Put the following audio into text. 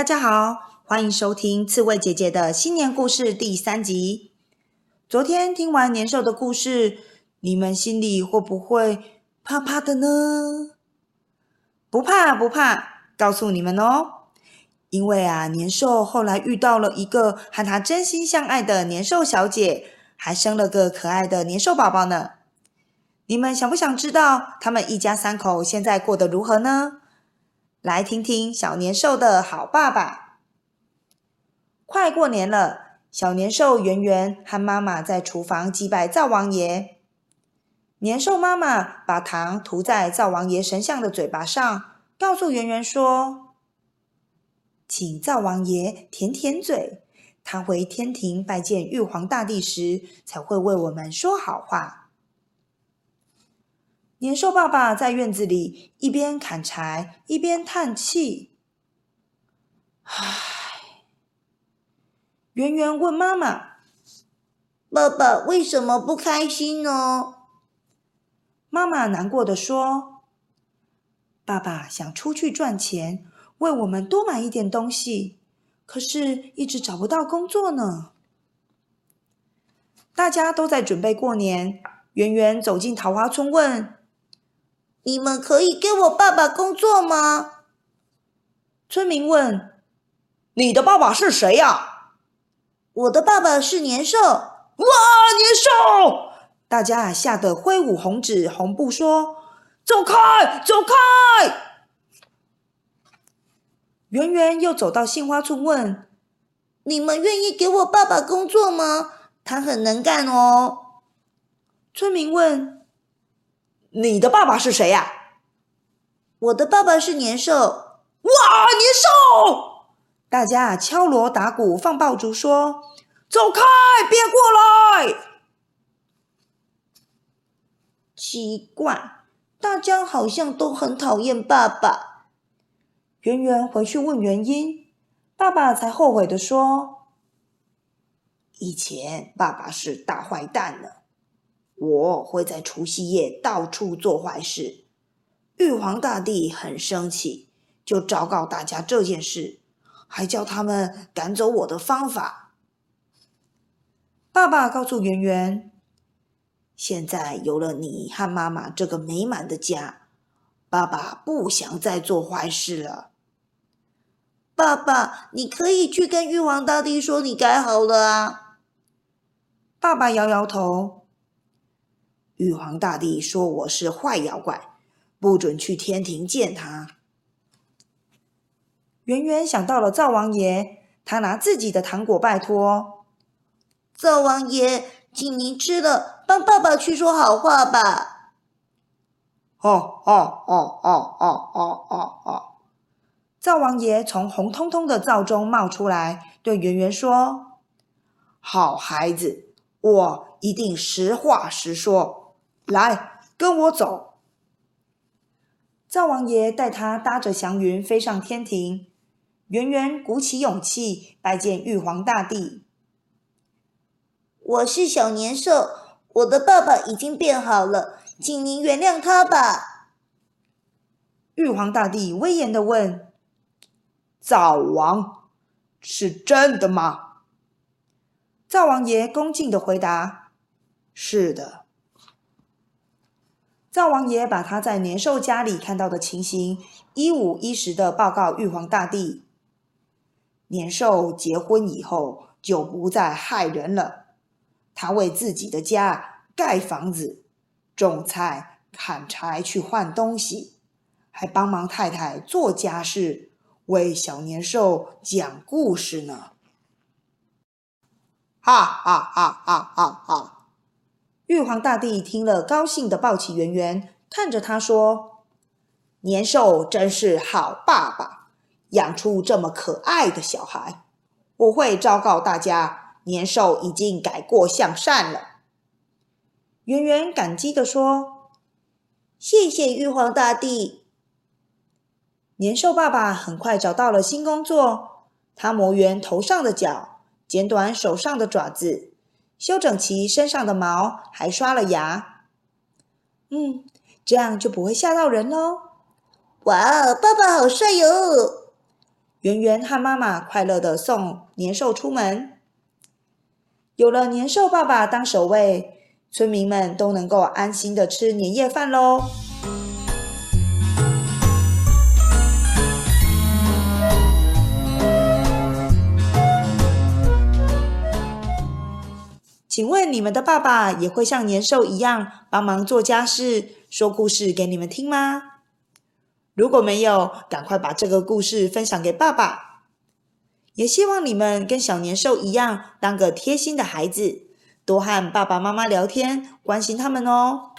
大家好，歡迎收聽刺蝟姐姐的新年故事第三集。昨天聽完年獸的故事，你們心裡會不會怕怕的呢？不怕不怕，告訴你們哦。因為啊，年獸後來遇到了一個和他真心相愛的年獸小姐，還生了個可愛的年獸寶寶呢。你們想不想知道他們一家三口現在過得如何呢？來聽聽小年獸的好爸爸。快過年了，小年獸圓圓和媽媽在廚房祭拜灶王爺。年獸媽媽把糖塗在灶王爺神像的嘴巴上，告訴圓圓說：“請灶王爺舔舔嘴，他回天庭拜見玉皇大帝時，才會為我們說好話。”年獸爸爸在院子裡一邊砍柴一邊嘆氣：“唉。”圓圓問媽媽：“爸爸為什麼不開心呢？”媽媽難過的說：“爸爸想出去賺錢，為我們多買一點東西，可是一直找不到工作呢。”大家都在準備過年，圓圓走進桃花村問。你們可以給我爸爸工作嗎？村民問：“你的爸爸是誰呀？”我的爸爸是年獸。哇，年獸！大家嚇得揮舞紅紙紅布，說：“走開，走開！”圓圓又走到杏花村，問：“你們願意給我爸爸工作嗎？他很能幹哦。”村民問。你的爸爸是誰呀、啊？我的爸爸是年獸。哇，年獸！大家敲鑼打鼓放爆竹，說：“走開，別過來！”奇怪，大家好像都很討厭爸爸。圓圓回去問原因，爸爸才後悔的說：“以前爸爸是大壞蛋呢。”我會在除夕夜到處做壞事，玉皇大帝很生氣，就昭告大家這件事，還叫他們趕走我的方法。爸爸告訴圓圓，現在有了你和媽媽這個美滿的家，爸爸不想再做壞事了。爸爸，你可以去跟玉皇大帝說你改好了啊。爸爸搖搖頭。玉皇大帝說：“我是壞妖怪，不准去天庭見他。”圓圓想到了灶王爺，他拿自己的糖果拜託灶王爺，請您吃了，幫爸爸去說好話吧。哦哦哦哦哦哦哦哦！灶王爺從紅彤彤的灶中冒出來，對圓圓說：“好孩子，我一定實話實說。”來，跟我走。灶王爺帶他搭着祥雲飛上天庭，圓圓鼓起勇氣拜見玉皇大帝：“我是小年獸，我的爸爸已經變好了，請您原諒他吧。”玉皇大帝威嚴地問：“灶王，是真的嗎？”灶王爺恭敬地回答：“是的。”灶王爺把他在年獸家裡看到的情形一五一十的報告玉皇大帝。年獸結婚以後就不再害人了，他為自己的家蓋房子、種菜、砍柴去換東西，還幫忙太太做家事，為小年獸講故事呢。啊啊啊啊啊啊，啊！啊玉皇大帝聽了，高興的抱起圓圓，看着他說：“年獸真是好爸爸，養出這麼可愛的小孩。”我會昭告大家，年獸已經改過向善了。圓圓感激地說：“謝謝玉皇大帝。”年獸爸爸很快找到了新工作，他磨圓頭上的角，剪短手上的爪子。修整齊身上的毛，還刷了牙，嗯，這樣就不會嚇到人嘍。哇哦，爸爸好帥喲！圓圓和媽媽快樂地送年獸出門。有了年獸爸爸當守衛，村民們都能夠安心地吃年夜飯嘍。請問你們的爸爸也會像年獸一樣幫忙做家事、說故事給你們聽嗎？如果沒有，趕快把這個故事分享給爸爸。也希望你們跟小年獸一樣，當個貼心的孩子，多和爸爸媽媽聊天，關心他們哦。